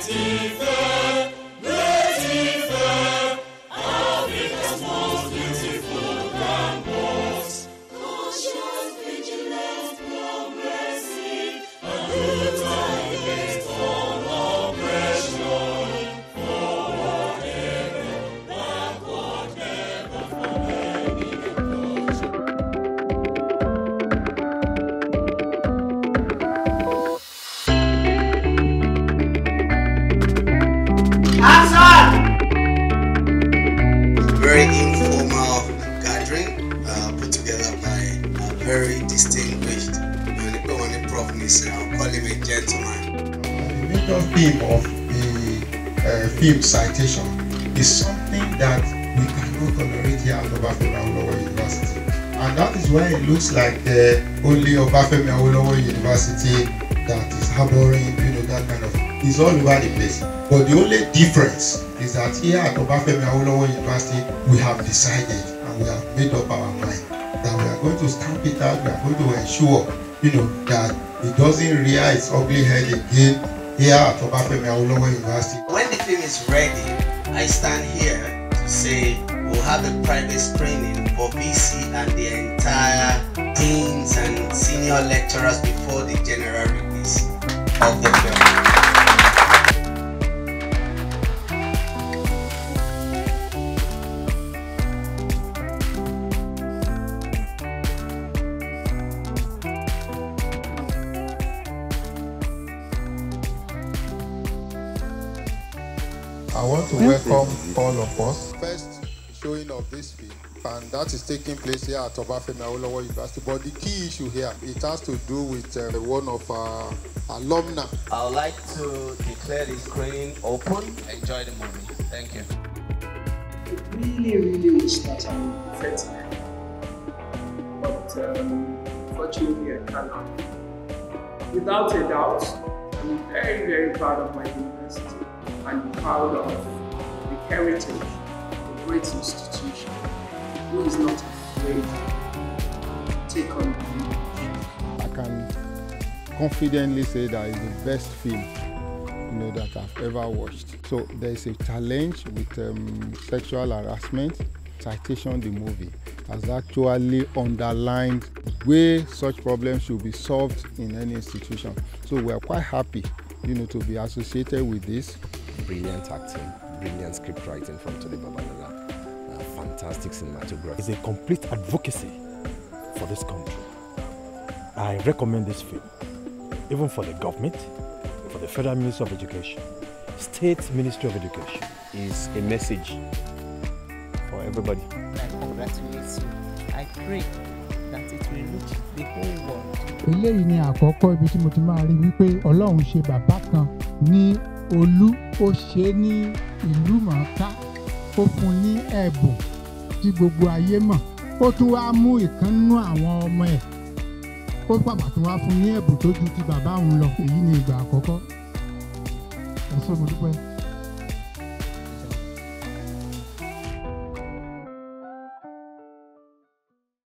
Twenty-three. uh, put together by a very distinguished and the only prof is uh, I'll call him a gentleman. The major theme of the uh, film citation is something that we cannot tolerate here at Obafemi Awolowo University. And that is why it looks like the only Obafemi Awolowo University that is harboring, you know, that kind of is all over the place. But the only difference is that here at Obafemi Awolowo University, we have decided and we have made up our mind that we are going to stamp it out. We are going to ensure, you know, that it doesn't rear its ugly head again here at Obafemi Awolowo University. When the film is ready, I stand here to say we'll have a private screening for BC and the entire deans and senior lecturers before the general release of the film. I want to hmm? welcome all of us. First showing of this film, and that is taking place here at Obafemi Awolowo University. But the key issue here, it has to do with uh, one of our alumni. I would like to declare the screen open. Enjoy the movie. Thank you. It really, really reached that I'm effective. But um, fortunately, I cannot. Without a doubt, I'm very, very proud of my university. and proud of the heritage of a great institution who is not afraid to take on the I can confidently say that it's the best film you know, that I've ever watched. So there is a challenge with um, sexual harassment. Citation the movie has actually underlined where such problems should be solved in any institution. So we are quite happy, you know, to be associated with this. brilliant acting, brilliant script writing from Tony Babalala, uh, fantastic cinematography. It's a complete advocacy for this country. I recommend this film, even for the government, for the Federal Ministry of Education, State Ministry of Education. Is a message for everybody. I congratulate you. I pray that it will reach the whole world olú ó ṣe é ní ìlú mọ̀ọ́ká ó fún ní ẹ̀bùn tí gbogbo ayé mọ̀ ó tún wá mú ìkan nínú àwọn ọmọ ẹ̀ ó pàpà tún wá fún ní ẹ̀bùn tó ju ti bàbá òun lọ èyí ni ìgbà àkọ́kọ́ ẹ mo dúpẹ́.